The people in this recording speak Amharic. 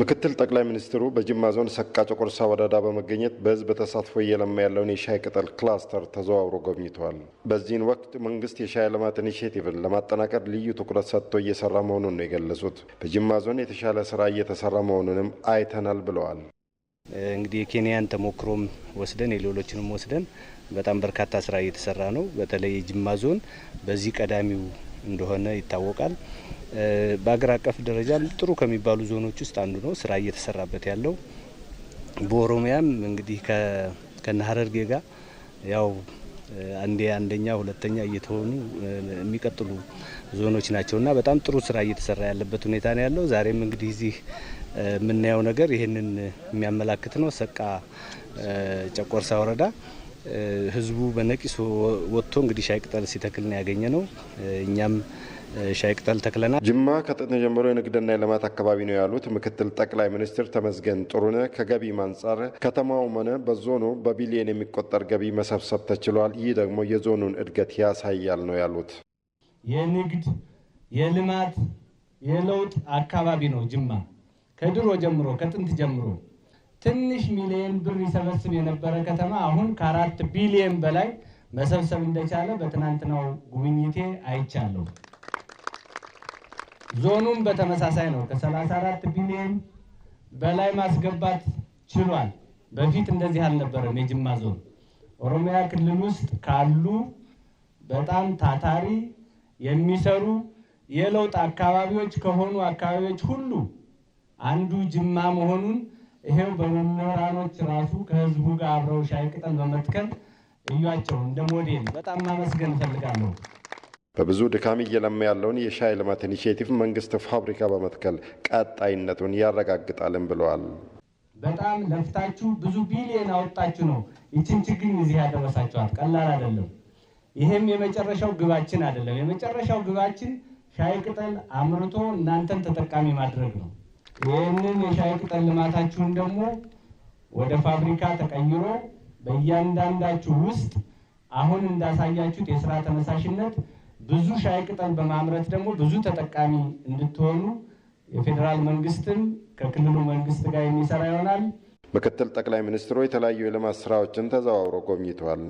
ምክትል ጠቅላይ ሚኒስትሩ በጅማ ዞን ሰቃ ጨቆርሳ ወረዳ በመገኘት በህዝብ ተሳትፎ እየለማ ያለውን የሻይ ቅጠል ክላስተር ተዘዋውሮ ጎብኝተዋል። በዚህን ወቅት መንግስት የሻይ ልማት ኢኒሽቲቭን ለማጠናቀር ልዩ ትኩረት ሰጥቶ እየሰራ መሆኑን ነው የገለጹት። በጅማ ዞን የተሻለ ስራ እየተሰራ መሆኑንም አይተናል ብለዋል። እንግዲህ የኬንያን ተሞክሮም ወስደን የሌሎችንም ወስደን በጣም በርካታ ስራ እየተሰራ ነው። በተለይ የጅማ ዞን በዚህ ቀዳሚው እንደሆነ ይታወቃል። በአገር አቀፍ ደረጃም ጥሩ ከሚባሉ ዞኖች ውስጥ አንዱ ነው ስራ እየተሰራበት ያለው። በኦሮሚያም እንግዲህ ከነሀረርጌ ጋር ያው አንዴ አንደኛ ሁለተኛ እየተሆኑ የሚቀጥሉ ዞኖች ናቸው እና በጣም ጥሩ ስራ እየተሰራ ያለበት ሁኔታ ነው ያለው። ዛሬም እንግዲህ እዚህ የምናየው ነገር ይህንን የሚያመላክት ነው። ሰቃ ጨቆርሳ ወረዳ ህዝቡ በነቂስ ወጥቶ እንግዲህ ሻይ ቅጠል ሲተክል ነው ያገኘ ነው። እኛም ሻይ ቅጠል ተክለናል። ጅማ ከጥንት ጀምሮ የንግድና የልማት አካባቢ ነው ያሉት ምክትል ጠቅላይ ሚኒስትር ተመስገን ጥሩነህ ከገቢም አንጻር ከተማውም ሆነ በዞኑ በቢሊየን የሚቆጠር ገቢ መሰብሰብ ተችሏል። ይህ ደግሞ የዞኑን እድገት ያሳያል ነው ያሉት። የንግድ የልማት የለውጥ አካባቢ ነው ጅማ ከድሮ ጀምሮ ከጥንት ጀምሮ ትንሽ ሚሊየን ብር ይሰበስብ የነበረ ከተማ አሁን ከአራት ቢሊየን በላይ መሰብሰብ እንደቻለ በትናንትናው ጉብኝቴ አይቻለሁ። ዞኑም በተመሳሳይ ነው። ከ34 ቢሊየን በላይ ማስገባት ችሏል። በፊት እንደዚህ አልነበረም። የጅማ ዞን ኦሮሚያ ክልል ውስጥ ካሉ በጣም ታታሪ የሚሰሩ የለውጥ አካባቢዎች ከሆኑ አካባቢዎች ሁሉ አንዱ ጅማ መሆኑን ይሄው በመምህራኖች ራሱ ከህዝቡ ጋር አብረው ሻይ ቅጠል በመትከል እያቸው እንደ ሞዴል በጣም ማመስገን እፈልጋለሁ። በብዙ ድካም እየለማ ያለውን የሻይ ልማት ኢኒሽቲቭ መንግስት ፋብሪካ በመትከል ቀጣይነቱን ያረጋግጣልን ብለዋል። በጣም ለፍታችሁ ብዙ ቢሊየን አወጣችሁ ነው ይችን ችግኝ እዚህ ያደረሳችኋት። ቀላል አይደለም። ይህም የመጨረሻው ግባችን አይደለም። የመጨረሻው ግባችን ሻይ ቅጠል አምርቶ እናንተን ተጠቃሚ ማድረግ ነው። ይህንን የሻይ ቅጠል ልማታችሁን ደግሞ ወደ ፋብሪካ ተቀይሮ በእያንዳንዳችሁ ውስጥ አሁን እንዳሳያችሁት የስራ ተነሳሽነት ብዙ ሻይ ቅጠል በማምረት ደግሞ ብዙ ተጠቃሚ እንድትሆኑ የፌዴራል መንግስትም ከክልሉ መንግስት ጋር የሚሰራ ይሆናል። ምክትል ጠቅላይ ሚኒስትሩ የተለያዩ የልማት ስራዎችን ተዘዋውሮ ጎብኝተዋል።